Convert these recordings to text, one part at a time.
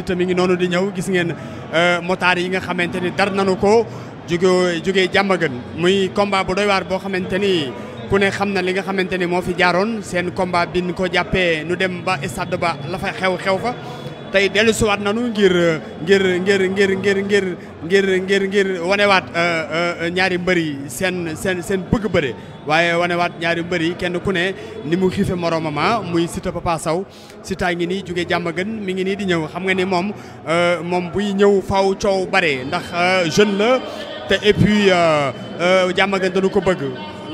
Siteu mi ngi noonu di ñëw gis ngeen euh, motaar yi nga xamante ni dar nanu ko jóge jógee jàmbagan muy combat bu doy waar boo xamante ni ku ne xam na li nga xamante ni moo fi jaaroon seen combat bi ñu ko jàppee nu dem ba stade ba la fa xew xew fa tey dellusiwaat nanu ngir ngir ngir ngir ngir ngir ngir ngir ngir wanewaat euh, euh, ñaari mbër yi seen seen seen bëgg bëre waaye wanewaat ñaari mbër yi kenn ku ne ni mu xiife moromama ah, muy Siteu Papa Sow ngi nii jóge Diamaguène mi ngi nii di ñëw xam nga ni moom euh, moom buy ñëw faaw coow bare ndax jeune la te et puis Diamaguène dañu ko bëgg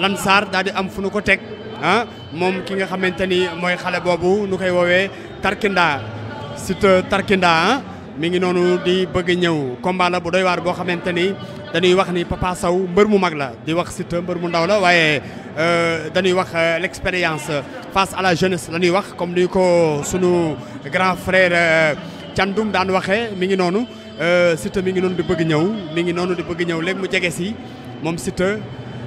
Lansar daal di am fu nu ko teg ah moom ki nga xamante ni mooy xale boobu nu koy woowee tarkindaa Siteu Tarkinda ah, mi ngi noonu di bëgg ñëw combat la bu doy waar boo xamante ni dañuy wax ni Papa mbër mu mag la di wax sita mbër mu ndaw la waaye euh, dañuy wax euh, l'expérience face à la jeunesse la ñuy wax comme ni ko sunu grand frère euh, Thiandoum daan waxe mi ngi noonu sita mi ngi noonu di bëgg ñëw mi ngi noonu di bëgg ñëw léegi mu jege si moom Siteu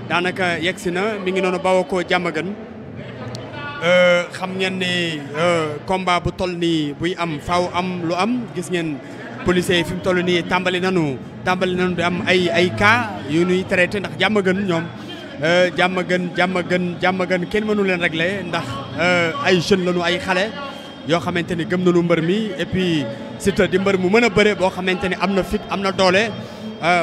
daanaka yegg si na mi ngi noonu bawoo ko jàmm gën Euh, xam ngeen ni euh, combat bu toll nii buy am faaw am lu am gis ngeen policiers yi fi mu toll nii tàmbali nanu tàmbali nanu di am ay ay cas yu nuy traité ndax jàmm gën ñoom euh, jàmm gën jàmm gën jàmm gën kenn mënu leen le ndax ay jeunes lañu ay xale yoo xamante ni gëm nañu mbër mi et puis di mbër mu mën a bëre boo xamante ni am na fit am na doole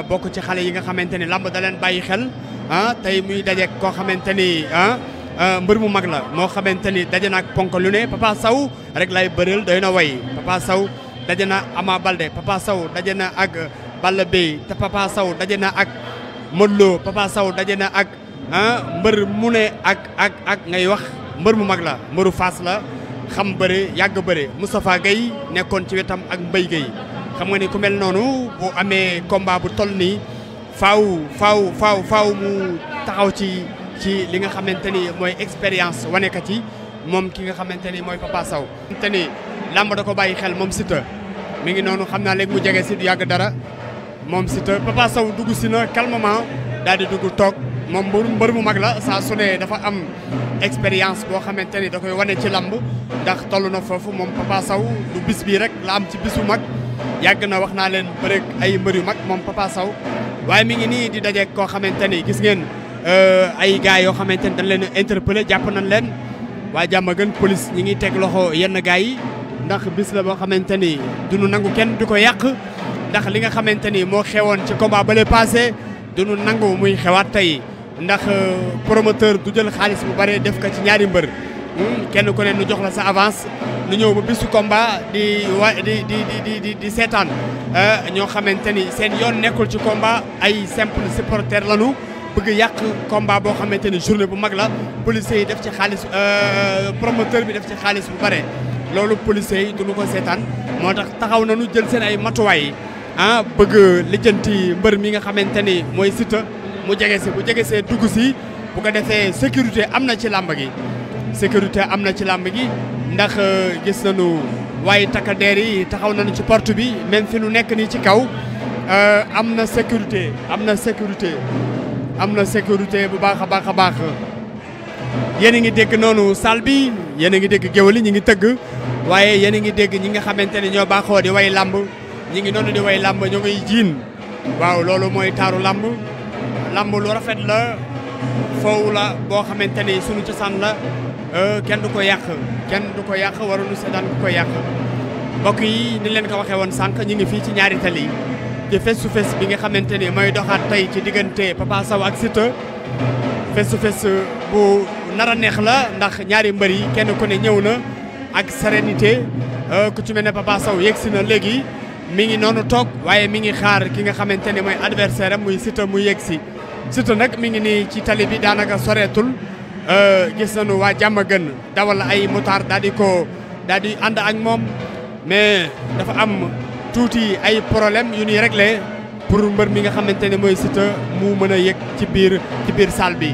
bokk ci xale yi nga xamante ni làmb daleen bàyyi xel ah tey muy dajeek koo xamante ni ah. Euh, mbër mu mag la moo xamante ni daje na ak ponk lu ne Papa Sow rek lay bëreel doy na way Papa Sow daje na Ama Balde Papa daje na ak Balla Bey te daje na ak Modou Lo Papa daje na ak mbër mu ne ak ak ak ngay wax mbër mu mag la mbëru Fass la xam bëre yàgg bëre Moustapha Gueye nekkoon ci wetam ak Mbaye Gueye xam nga ni ku mel noonu bu amee combat bu toll nii faaw faaw faaw faaw mu taxaw ci. ci li nga xamante ni mooy expérience wanekat yi moom ki nga xamante ni mooy Papa Sow. xamante ni làmb da ko bàyyi xel moom Siteu mu ngi noonu xam naa léegi mu jege si du yàgg dara moom Siteu Papa Sow dugg si na calmement daal di dugg toog moom mbër mbër mu mag la saa su ne dafa am expérience boo xamante ni da koy wane ci làmb ndax toll na foofu moom Papa Sow du bis bii rek la am ci bis bisu mag yàgg na wax naa leen bëreeg ay mbër yu mag moom Papa Sow waaye mi ngi nii di dajeeg koo xamante ni gis ngeen. Euh, ay gars yoo xamante ne dañ leen a interpellé jàpp nañ leen waa jàmm gën police ñi ngi teg loxo yenn gaa yi ndax bis la boo xamante ni duñu nangu kenn du ko yàq ndax li nga xamante ni moo xewoon ci combat ba le passé duñu nangu muy xewaat tey ndax euh, promoteur du jël xaalis bu bare def ka ci ñaari mbër hmm, kenn ku ne nu jox la sa avance nu ñëw ba bisu combat di wa di di di di di seetaan euh, ñoo xamante ni seen yoon nekkul ci komba ay simple supporter lañu bëgg yàq combat boo xamante ni journée bu mag la policiers yi def ci xaalis euh, promoteur bi def ci xaalis bu bare loolu policiers yi duñu ko seetaan moo tax taxaw nañu jël seen ay matuwaay yi ah bëgg lijjanti mbër mi nga xamante ni mooy Siteu mu jege si bu jege see dugg si bu ko defee sécurité am na ci làmb gi sécurité am na ci làmb gi ndax euh, gis nañu waaye takkadeer yi taxaw nañu ci porte bi même fi nu nekk nii ci kaw euh, am na sécurité am na sécurité am na sécurité bu baax a baax a baax yéen a ngi dégg noonu salle bi yéen a ngi dégg géwël yi ñu ngi tëgg waaye yéen a ngi dégg ñi nga xamante ni ñoo baaxoo di way làmb ñu ngi noonu di way làmb ñoo ngi jiin waaw loolu mooy taaru làmb làmb lu rafet la foow la boo xamante ni sunu cosaan la euh, kenn du ko yàq kenn du ko yàq waruñu seetaan ku ko yàq mbokk yi ni leen ko waxee woon sànq ñu ngi fii ci ñaari yi ci face to bi nga xamante ni mooy doxaat tey ci diggante Papa Sow ak Siteu face to bu nar a neex la ndax ñaari mbër yi kenn ku ne ñëw na ak sérénité euh, ku ci mel ne Papa Sow yegsi na léegi mi ngi noonu toog waaye mi ngi xaar ki nga xamante ne mooy adversaire muy Siteu mu yegsi Siteu nag mi ngi nii ci tali bi daanaka soreetul euh, gis nañu waa jàmm gën dawal ay motar daal di ko daal ànd ak moom mais dafa am. tuuti ay problème yu ñuy réglé pour mbër mi nga xamante ne mooy Siteu mu mën a yëg ci biir ci biir salle bi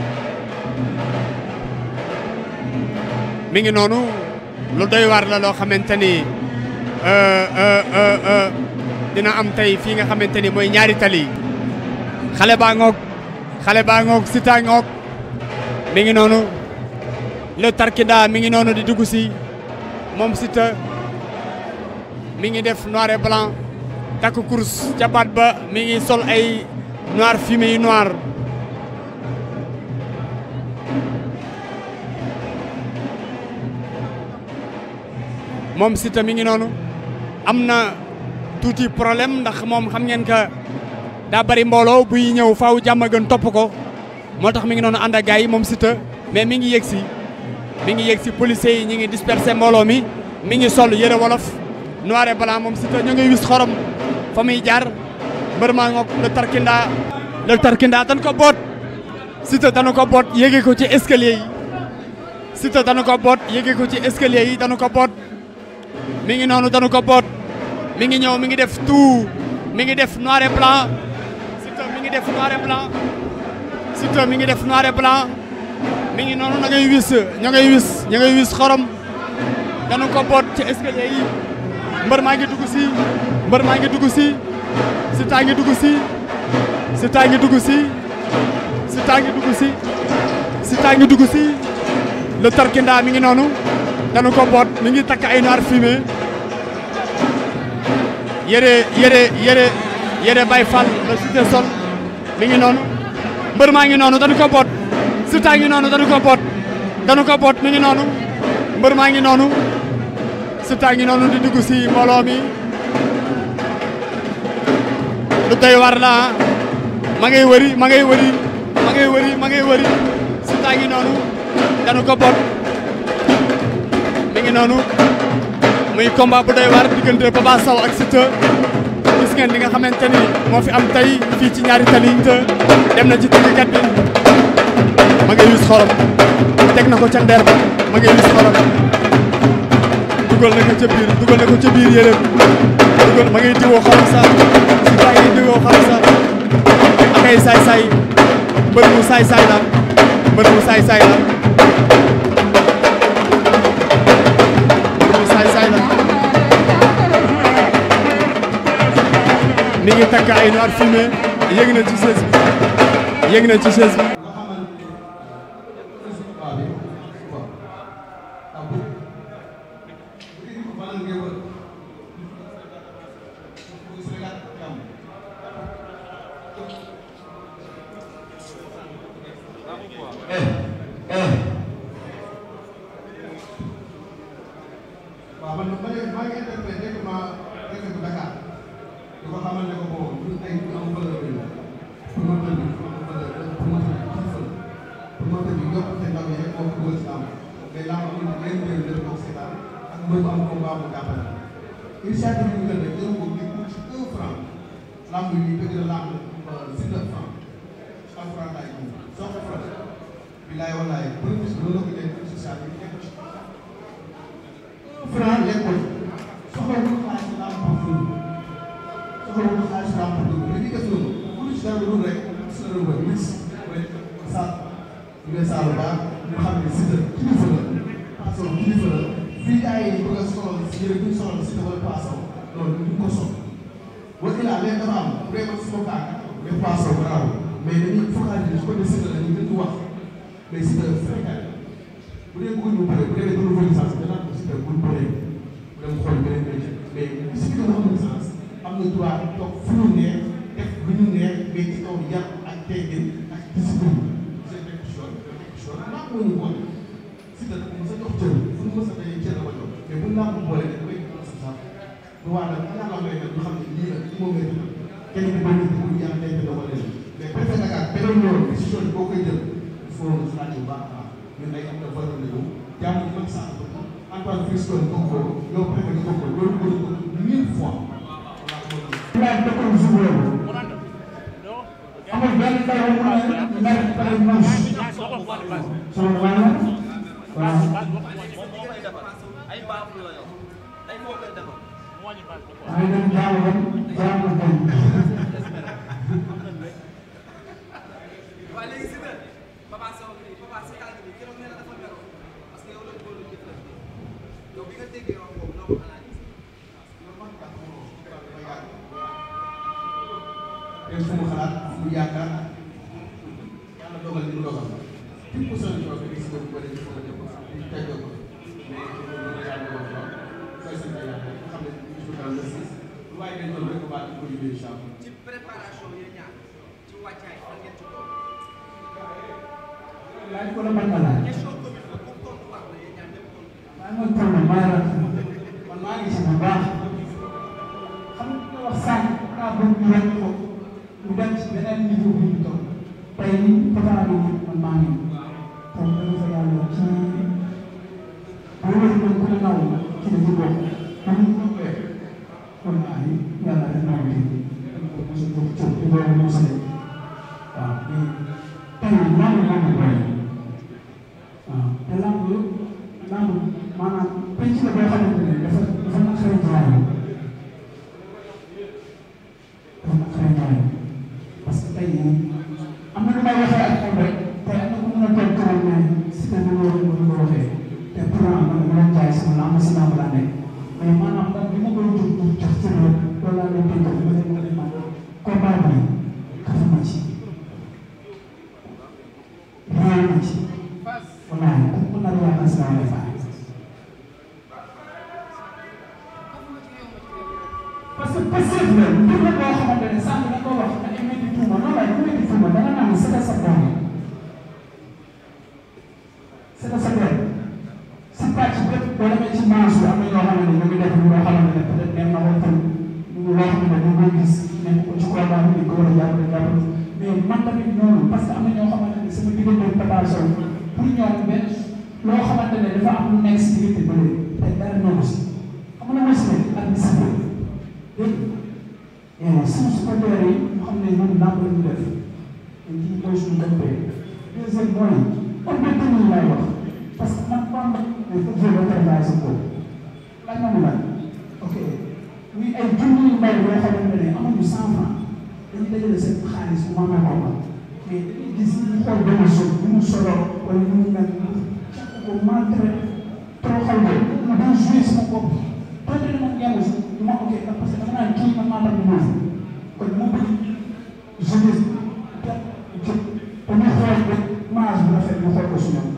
mi ngi noonu lu doy waar la loo xamante ni euh, euh, euh, dina am tey fii nga xamante ni mooy ñaari tali xale baa ngoog xale baa ngoog Siteu ngoog mi ngi noonu le tarkida mi ngi noonu di dugg si moom Siteu mi ngi def noir et blanc takk kurus ca baat ba mi ngi sol ay noir fumé yu noir moom Siteu mi ngi noonu am na tuuti problème ndax moom xam ngeen que daa bari mbooloo buy ñëw faaw jàmm gën topp ko moo tax mi ngi noonu ànd ak yi moom Siteu mais mi ngi yegg si mi ngi yegg si policiers yi ñi ngi dispersé mbooloo mi mi ngi sol yëre wolof noir et moom Siteu ñu ngi wis xorom fa muy jaar mbër maa ngoog le tarkinda le tarkinda ko boot Siteu danu ko boot yéege ko ci escalier yi Siteu dañu ko boot yéege ko ci escalier yi danu ko boot mi ngi noonu danu ko boot mi ngi ñëw mi ngi def tout mi ngi def noir et blanc Siteu ngi def noir et blanc mi ngi def noir et mi ngi noonu na ngay wis ña ngay wis ña ngay xorom dañu ko boot ci escalier yi mbër maa ngi dugg si mbër maa ngi dugg si Siteu ngi dugg si Siteu ngi dugg si Siteu ngi dugg si Siteu ngi dugg si le tarkindaa mi ngi noonu danu ko boot mi ngi takk ay noir fumé yére yére yére yére bay fal le Siteu sol mi ngi noonu mbër maa ngi noonu danu ko si Siteu ngi noonu danu ko boot danu ko boot mi ngi noonu mbër maa ngi noonu résultat ngi noonu di dugg si mbooloo mi lu doy war la ma ngay wëri ma ngay wëri ma ngay wëri ma ngay wëri résultat ngi noonu danu ko bot mi noonu muy combat bu doy war diggante Papa Sow ak Siteu gis ngeen li nga xamante ni moo fi am tey fii ci ñaari tali dem na ci tëggkat bi ma wis xorom teg na ko ca ba ma ngay wis xorom dugal na ko ca biir dugal na ko ca biir yére dugal ma ngay diwoo xamsa si baa ngi diwoo xamsa akay saay saay mbër mu saay saay la mbër mu saay saay la mbër mu saay saay la mi ngi takk ay noir fumé yëg na ci chaise bi yëg na ci chaise bi les saal ba ñu xam ne si la kilifa la façon kilifa la fii gars yi si yëre bu ñu sonal si dafay poisson loolu ñu ko sonn wala il a les dafa am vraiment si ma baax les poissons bravo mais dañuy focaliser su ko dee si la dañuy gën di wax mais si la fréquent bu dee bëgg ñu bëre bu dee dañu bëgg licence dana am si la bu ñu bëree mu dem xool beneen métier mais si nga na droit toog fu ñu neex def lu ñu neex mais ci kaw yar ak teggin ak parce que naa ko mën a boole si te dama sa jox cër fu mu mës a tey cër la ma jox mais bu naa ko boole da koy gën a sa sax du waa nag ñaa la may nag ñu xam ne lii la li moom ngay def kenn ku bëri bu ñu yàlla tey dama def mais préfet Dakar beneen loolu décision boo koy jël il faut nga xalaat bu baax a baax ñun ay am na valeur la yow jàmm ñu mag sax Antoine Fiston bokk ko yow préfet nga bokk ko loolu ko mille fois. amul benn dara bu ne nekk pare mos. sama maanaam waaw. maa ngi dem jàmm jàmm tey Fapal bi man maa ngi kon dañu fa yàlla ci bu wér man ku ne naw ci la gis nga mbir la boo xamante ne sànq xool benn suuf bu mu soloo wala lu mu mel càkk ko maltraité toroxal ko mu doon joué sama bopp donte ne moom jàng si du ma ko kii parce que dama naan kii man maa tàmm boobu kon mu bëgg jeunesse te jóg te ñu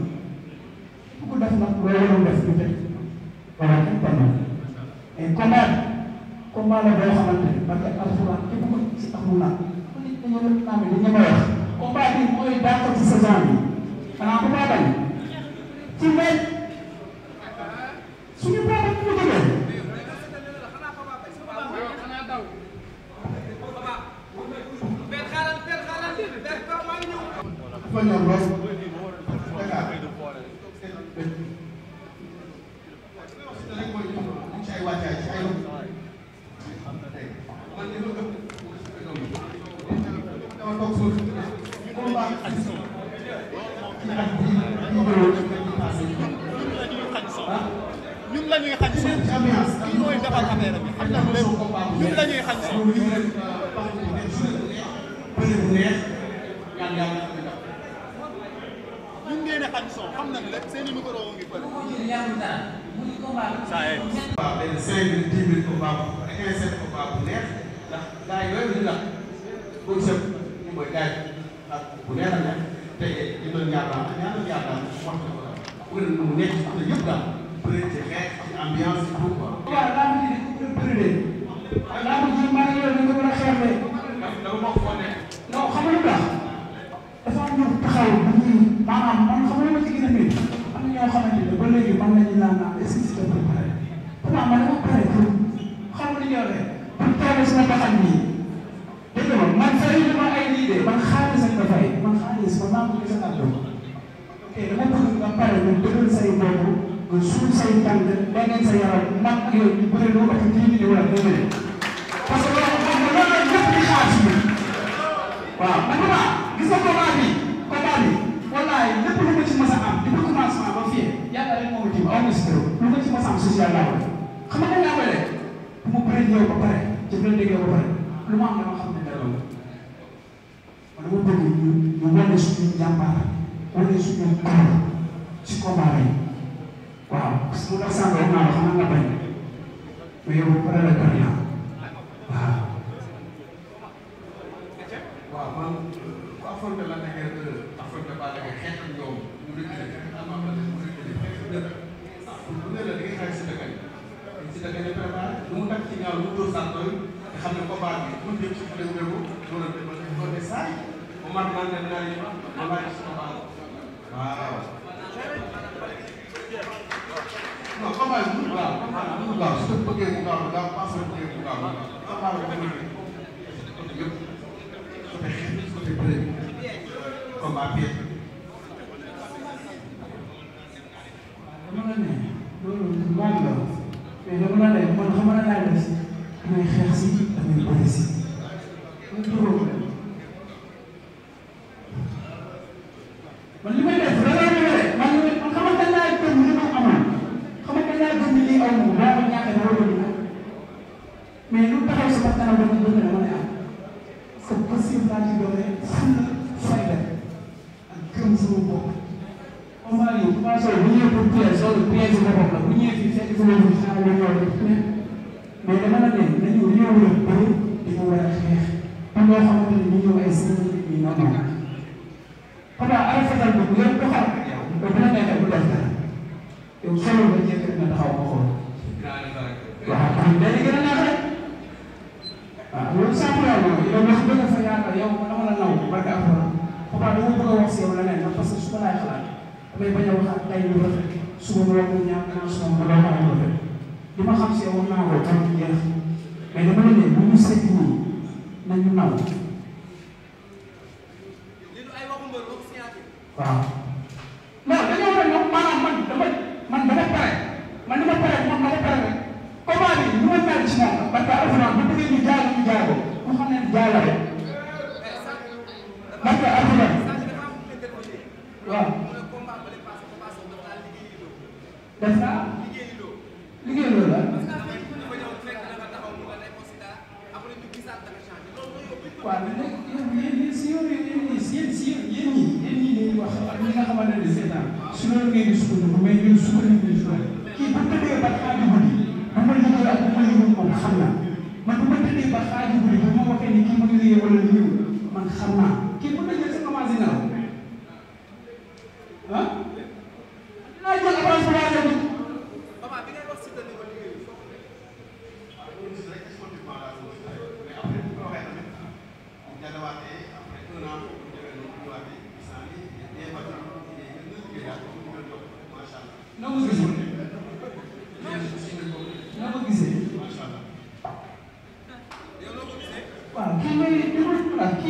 ñun la ñuy xañ si kii mooy defar affaire bi xam nañ lépp ñun la ñuy xañ si. ñun ngeen a xañ son xam nañ lépp seen i micro ngi bëri. saa yéen. waaw benn cinq mille dix mille combat bu neex ndax gars yi yooyu la nekk ci daal bëri ci xeex ci ambiance tout quoi. man xam nga ma ci gën a mën am na ñoo xamante ne ba léegi man la ñu naan naan est-ce que si dafa pare. pourtant man dafa pare pour xam nga li ñu waxee pour teel sama baxan bii dégg nga man fay dama ay lii de man xaalis ak dafay man xaalis nga dëgëral say boobu nga suuf say tànk leneen sa yaram mag yooyu ñu bëri loo ëpp dix mille wala deux mille parce que loolu moom la loolu la ñëpp di xaar si waaw man de waaw gis nga combat bi combat bi wallaay lépp lu ko ci mës a am di ko commencement ba fii yàlla rek moo ko jiw aw ma si dërëm lu ko ci mës a am social laa ko xam nga laa koy def bu ma bëree ñëw ba pare jëfandikoo yow ba pare lu ma am dama xam ne dara la man dama bëgg ñu ñu wane suñu njàmbaar wane suñu ci combat yi waaw parce que lu tax sànq wax naa la xanaa nga bañ mais yow pare la pare naa waaw. waaw man ku affronté la nekkee affronté ba la nga xeex ak ñoom mu reculé am am la def mu reculé xeex ak dëkk bu ne la da ngay xeex si dëkk yi si dëkk yi préparé lu mu takk ci ñaaw lu mu dóor sànq yooyu nga xam ne combat bi bu ñu dem ci xale wu ne ko loolu dafa doon des saa yi bu mat naan ne dinaa yëngu ma laaj si combat waaw. non xamal mu waaw xamal mu gaaw su ko bëggee mu gaaw mu gaaw paase mu bëggee mu gaaw mu gaaw xamal mu bëggee côté yëpp côté xeet côté bëre combat pied dama la ne loolu man la mais dama la ne man xamal naa ne si damay xeex si damay bëre si gis sama bopp combat yi Papa Sow bu ñëwee pour piège Sow piège sa bopp la bu ñëwee fii fekk sama bopp saa la ñëw def ne mais dama la ne dañu ñëw la bëri dañu war a xeex am loo xamante ne ñu ñëw ay semaine yi ñu noonu papa ay fetal bi bu ngeen doxal yow bu la neexee bu def dara yow solo ba njëkk na taxaw ma xool waaw kon day gën a neex rek waaw loolu sàmm la yow yow wax dëgg fa yaakaar yow dama la naw barke alxuraan papa dama bëgg a wax si yow leneen parce que su ko laay xalaat damay bañ a waxaat tey lu rafet suba mu wax mu ñaax naa suba mu doon lu rafet li ma xam si yow wax naa ko tam jeex mais dama ne bu ñu seet nii nañu naw waaw non dañoo mel noonu maanaam man dama man dama pare man dama pare man dama pare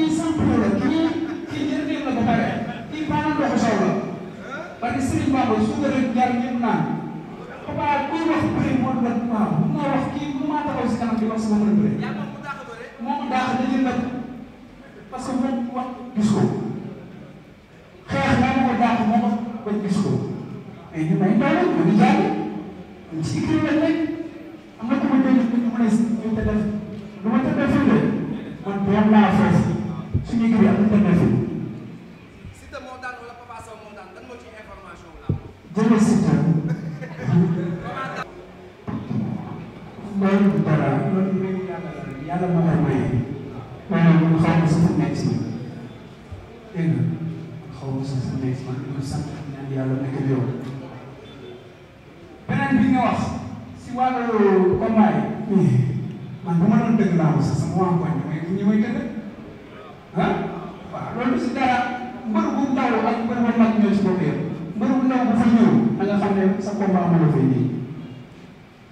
kii sant la kii kii njëriñ la ba pare kii maanaam ndoxu sow la ba di Serigne Bamba su ko doon jar ñëpp naan papa kuy wax bëri moo doon waaw moo wax kii mu maa taxaw si kanam di wax sama mën bëri moom daax dañuy nag parce que moom wax gis ko xeex naa ko daax moo wax ba gis ko mais ñu may doole ñu di jàng ñu ci kii si liggéey bi am na fi. Siteu moo daan wala Papa Sow moo daan lan moo ci information la. jërëjëf Siteu. loolu dara loolu léegi yàlla la yàlla moo koy maye. waaye man xaw ma si fu nekk si. dégg nga xaw ma si fu nekk si man ma sant ñaan yàlla nekk ak yow. beneen bi nga wax si wàllu combat yi. man bu ma doon dëgg laa ko sax sama waa koñ ñu may dëgg. ah waaw loolu si dara mbër bu ndaw ak mbër bu mag ñoo si bopp yëpp mbër bu ndaw bu fa ñëw da sa combat mën a fay nii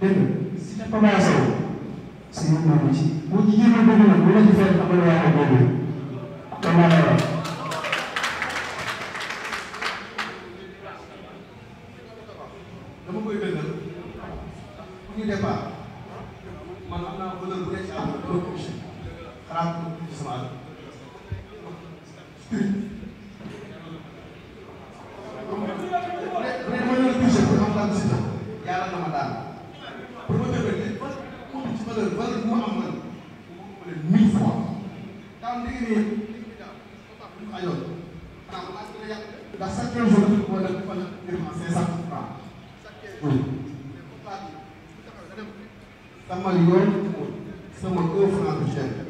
dégg nga si sa combat si yow maa ngi ci boo jigéen ñi na bu la ci fekk amal waa ko boobu te maa la chaque jour dañu ko def defal virement cinq cent francs sama yoon sama un franc du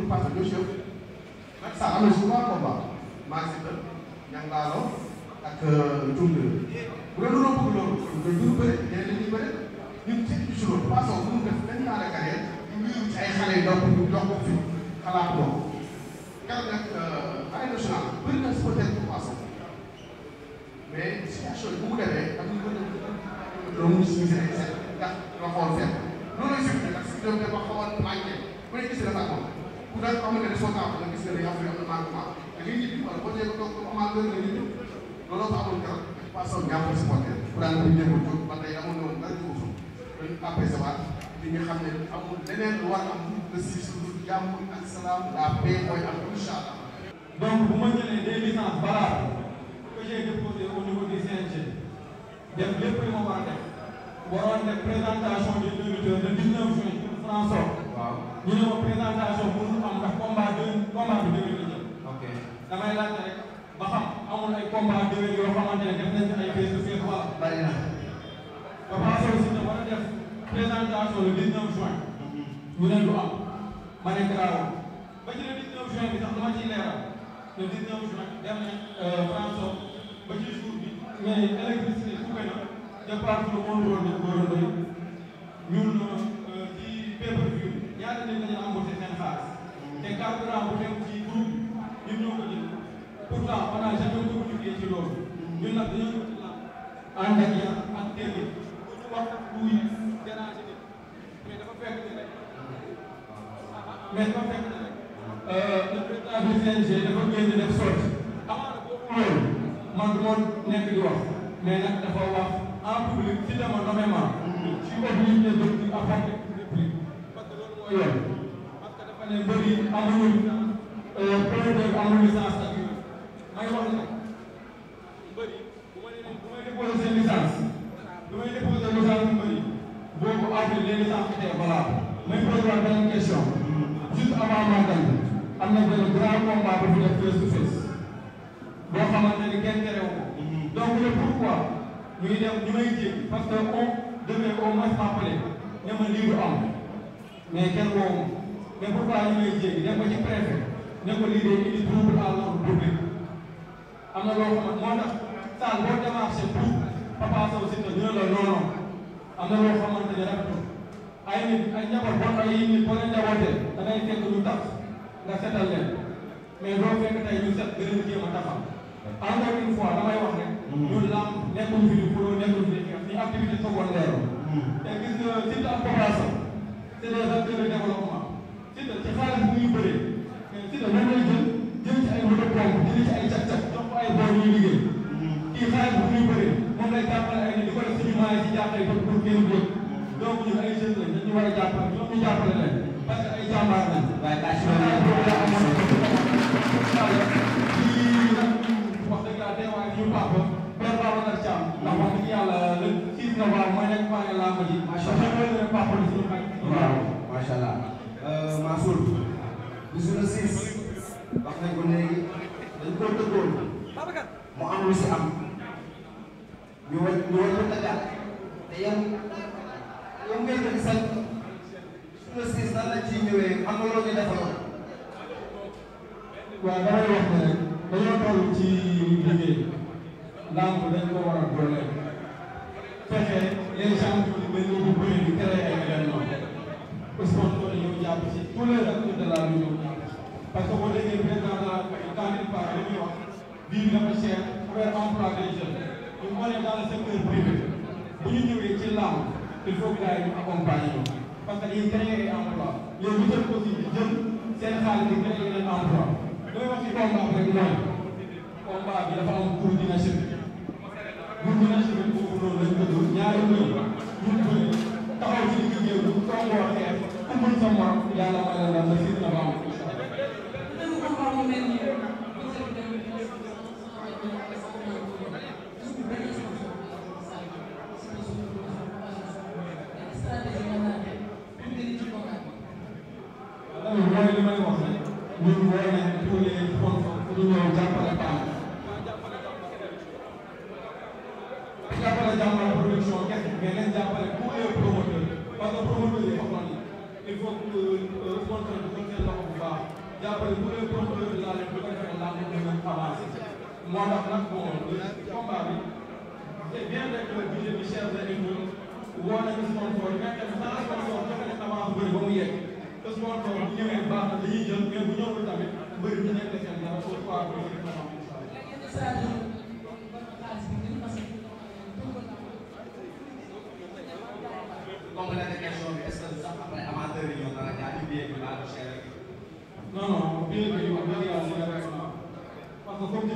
bi passé le chef nag ça amee souvent combat maa ngi seetlu ñangaalo ak Tunde bu dee loolu bëgg loolu nga dund bëri ñeneen la ñuy bëri ñun ci ci loolu façon bu mu def benn ñaare carrière ñu ngi ci ay xale yu dox ñu dox ko fi xalaat ko keroog nag arène nationale bëri na si peut-être bu passé mais situation yi bu mu demee ak ñu ko def loolu mu si seet ndax nga xool seet loolu lay sukk nag si ñoom dafa xaw a manqué bu ne gis na sax moom ku nekk xam nga ne responsable nga gis ne ne affaire am na manquement da ngay ñibbi wala boo dee ko toog ba amaat nga ñibbi looloo fa amoon garab façon ñaata supporter bu daan ko jéemal jóg ba tey amoon na woon dara ko suuf dañu apprécié waat di nga xam ne amul leneen lu war am le six lu jàmm ak salaam la paix mooy am incha allah. donc bu ma jëlee des licences valables que j'ai déposé au niveau du CNG def lépp li ma war a def waroon def présentation du directeur le 19 juin François. waaw ñu ne ma présentation bu mu am ndax combat déwén combat bi déwén la jëm. ok damay laajte rek ba xam amul ay combat déwén yoo xamante ne def nañ ci ay prise de fête wala. bari na. Papa Sow si ne war a def présentation le 19 juin. ñu ne lu am. ma ne garaawul. ba ci le 19 juin bi sax dama ciy leeral. le 19 juin dem nañ euh, France ba ci jour bi mais électricité coupé na de partout le monde ñun. Euh, ñaata nit dañu embauché seen xaalis te carburant bu dem ci groupe ñun ñoo ko jël pourtant on a jamais communiqué ci loolu ñun nag dañoo ci la ànd ak yar ak dégg ñu wax buy déranger nit mais dafa fekk ni rek mais dafa fekk ni rek euh, le président du CNG dafa génn def sorti amaana boobu loolu man du moon nekk di wax mais nag dafa wax en public ci dama nommément ci obligé de apporter public yoon parce que dafa ne mbër yi amuñu projet amuñu licence ak yooyu may wax ne ma leen bu may déposé seen licence bu may déposé licence bu mbër yi boobu après les licences étaient valables may posé waat beneen question juste avant Magal am na benn grand combat bu fi def face to face boo xamante ni kenn terewu ko mhm. donc le pourquoi ñu ngi dem ñu may jéem parce que ne ma lii du am mais kenn woowu mais pourquoi ñu lay jéggi dem ko ci préfet ne ko lii day indi trouble à l'ordre public am na loo xam moo tax saa boo démarché pour Papa Sow Siteu ñu ne la non non am na loo xamante ne rafetul ay nit ay njaboot boo ay yi nit boo leen njabootee da ngay fekk ñu tax nga seetal leen mais doo fekk tey ñu set gën a jéem a taxaw encore une fois damay wax rek. Mm-hmm. ñun lamb nekkul fi di pour nekkul fi di activité secondaire. Mm-hmm. te gis nga Siteu ak Papa Sow c' est des acteurs de développement Siteu ci xaalis bu ñuy bëree mais Siteu moom lay jël jël ci ay moto pompe jël ci ay càq-càq jox ko ay boor yuy liggéey kii xaalis bu ñuy bëree moom lay jàppale ay nit di ko def suñu maa yi ci jàppale pour pour ngeen jóg donc ñun ay jeunes lañ dañu war a jàppale ñoom ñu jàppale leen parce que ay jàmbaar lañ. waaye daa si mel ni boobu daa amoon ci wax dëgg yàlla teewaay bi ñu papa père Babacar Thiam ndax wax dëgg yàlla le 6 novembre mooy nekk maa ngi laa ko ji. macha allah waaw macha allah euh, Mansour bisu le six wax nañ ko léegi dañ koo mu am lu si am ñu war ñu war ko dagaat te yow yow ngay dëgg sax bisu le six nan lañ ciy ñëwee na loo ñu defaloon waaw damay wax ne rek dañoo toll ci liggéey làmb dañ ko Ousmane Sonko ñëw jàpp ci tous les acteurs de la région parce que boo déggee président de la République quand il parle li muy wax bii dafa cher affaire emploi des jeunes ñu xoolee dans le secteur privé bu ñu ñëwee ci làmb il faut que gars yi ñu accompagner ñu parce que dañuy créer ay emploi léegi jël aussi di jël seen xaalis di créer leen emploi looy wax ci combat rek mooy combat bi dafa am coût dynamique coût dynamique boobu noonu lañ ko ñaari mbir ñu bëri taxaw ci liggéey bu tomboo xeex amul sa morom yàlla may la la si na maam loolu mooy li may wax ne ñun woo nañ tous les sponsors pour ñu ñëw jàppale Paa que bu dee promoteur bi laajee bu ko defee laaj bi dina avancé moo tax nag bon combat bi c'est bien vrai que budget bi cher na et tout woo nañu sponsor mais tamit sans sponsor dafa ne avance bëri ba mu yegg te sponsor bu ñëwee baax na dañuy jël mais bu ñëwul tamit bëri ñu nekk seen dara pour trois mieux que lui, on doit y aller avec moi. Parce que comme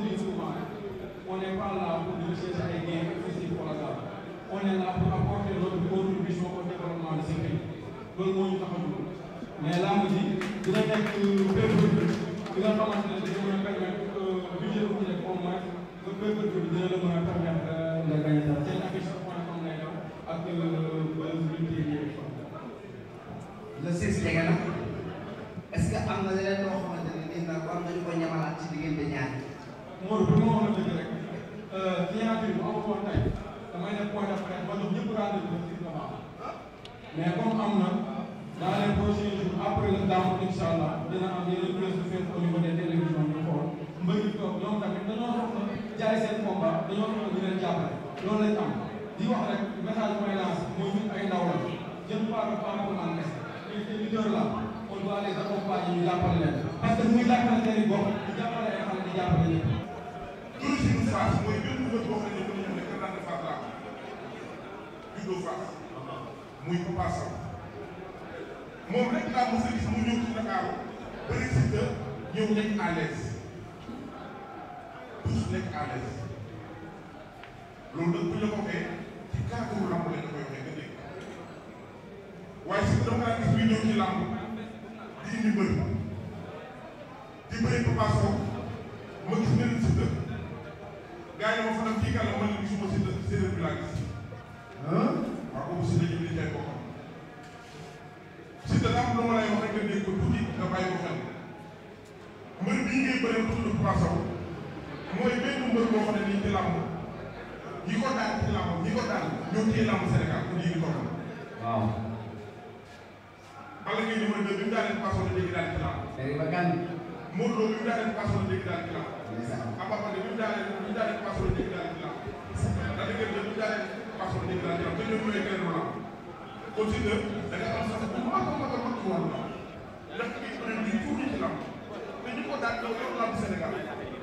jàppale ñëpp. loolu si ñu faas mooy benn bët boo xam ne mën nañu ne que naan faas laa juddoo faas muy Papa Sow moom rek laa mos a gis mu ñëw ci Dakar bëri si te ñëw nekk à l'aise tous nekk à l'aise loolu nag bu ñu la ko waxee ci cadre lamb la ñu koy waxee nga dégg waaye si bu dama gis muy ñëw ci lamb di indi mbër di bëri Papa Sow ma gis benn Siteu gars yi ma fanam kii kan la ma ne gisuma Siteu Siteu bi laa gis waaw boobu Siteu ñu ngi teg ko xam Siteu daa am lu ma lay wax rek nga dégg ko tuuti nga bàyyi ko xel mbër bii ngay bëri tudd Papa Sow mooy benn mbër boo xam ne nii ci làmb ñi ko daan ci làmb ñi ko daan ñoo téye làmb Sénégal pour ñu ngi ko xam waaw bala ngay ñëw rek bi mu daanee Papa Sow dañuy daan ci làmb Modou Lo bi mu daaneel passe la dégg daal di laal. Ama Baldé bi mu daaneel bi mu daaneel passe la dégg daal di laal. Lac de Guiers bi mu daaneel passe la dégg daal di laal te ñoom ñooy gën a laal. kon si ne da nga am sax bu mag a mag a mag ci wàllu laal. ndax kii peut être tuuti ci laal. te ñu ko daan daw yor laal Sénégal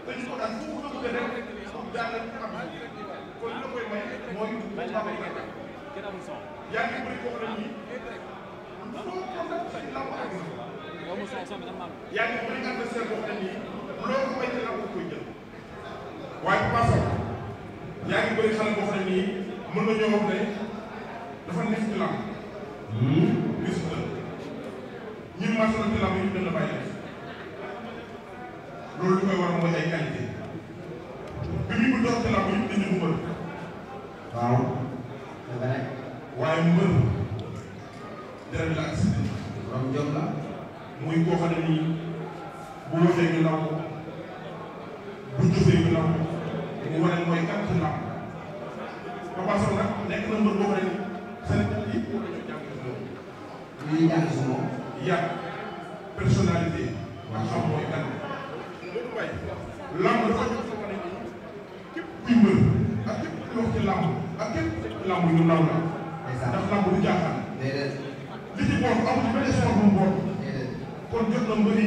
te ñu ko daan fu mu bëgg a rek daanaka am kon li la koy may mooy yaa ngi bëri koo xam ne nii. yaa ngi bëri adversaire boo xam ne nii loo ko béy dina am koy jël waaye Papa Sow yaa ngi bëri xale boo xam ne nii mën na ñoo wax ne dafa nekk ci lamb. bis bu dëkk ñun marché la ci lamb yi ñu gën a bàyyi def loolu li koy war mooy ay qualité bi ñu doon ci lamb yi dañu ko mën. waaw. waaye mbër. jërëjëf la accident. waaw jom muy koo xam ne nii bu wootee ñu naw ko bu jufee ñu naw ko mu wane mooy kan ci naw Papa Sow nag nekk na mbër boo xam ne Sénégal yi war nañoo jàng ci moom. ñuy jàng ci moom. yàgg personnalité waa xam mooy kan lamb dafa jox sa wane nii képp kuy mbër ak képp kuy wax ci lamb ak képp lamb yu naw la ndax lamb du jaaxaan li ci boor amul benn sport bu mu boor jot na mbëri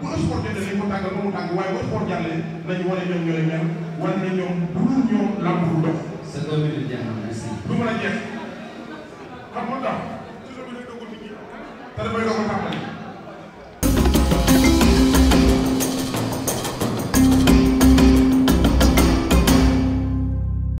bu exporté dañu ko tàngal ba mu tàng waaye bu export jàllee nañu wane ñoom ñoo leen wane ne ñoom bu dul ñoom làmb du dox. sa doom bi du jeex na merci. du mën a jeex xam nga